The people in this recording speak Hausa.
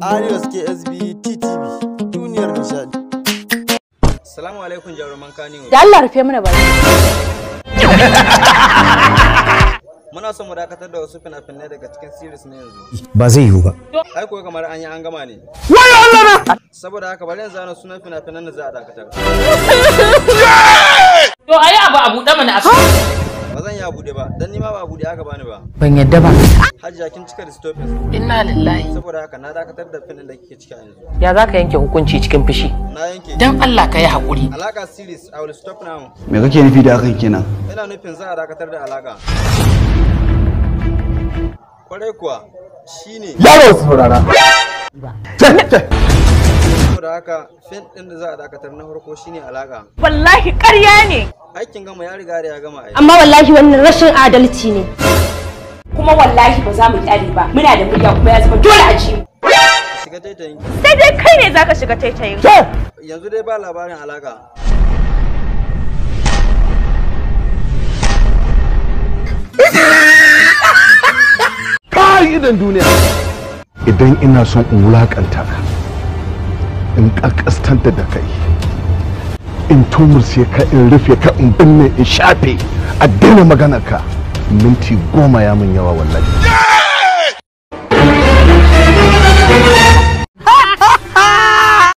Arius KSB TTV duniyar nishadi. salamu alaikum jaruman kani. Da Dalla rufe mana bari. Muna son mu dakatar da wasu fina-finai daga cikin series na yanzu. Ba zai yiwu ba. Ai ko kamar an yi an gama ne. Wai Allah na! Saboda haka bari yanzu ana sunan fina-finan da za a dakatar. To ayi abu a buɗe mana a ba zan ya bude ba dan nima ba bude aka bani ba ban yadda ba hajiya kin cika da stopes inna lillahi saboda haka na dakatar da filin da kike cika yanzu ya zaka yanke hukunci cikin fushi na yanke dan Allah ka yi hakuri alaka series i will stop now me kake nufi da hakan kenan ina nufin za a dakatar da alaka kwarai kuwa shine yaro saurara da saboda haka fin din da za a dakatar na farko shine alaka wallahi ƙarya ne aikin gama ya riga ya gama aiki amma wallahi wannan rashin adalci ne kuma wallahi ba za mu kyale ba muna da murya kuma ya zama dole a ji shiga taitayin sai dai kai ne zaka shiga taitayin yanzu dai ba labarin alaka kai idan duniya idan ina son in wulakanta ka in kakastanta da kai in tumurse ka in rufe ka in binne in shafe a daina maganar ka minti goma ya mun yawa wallahi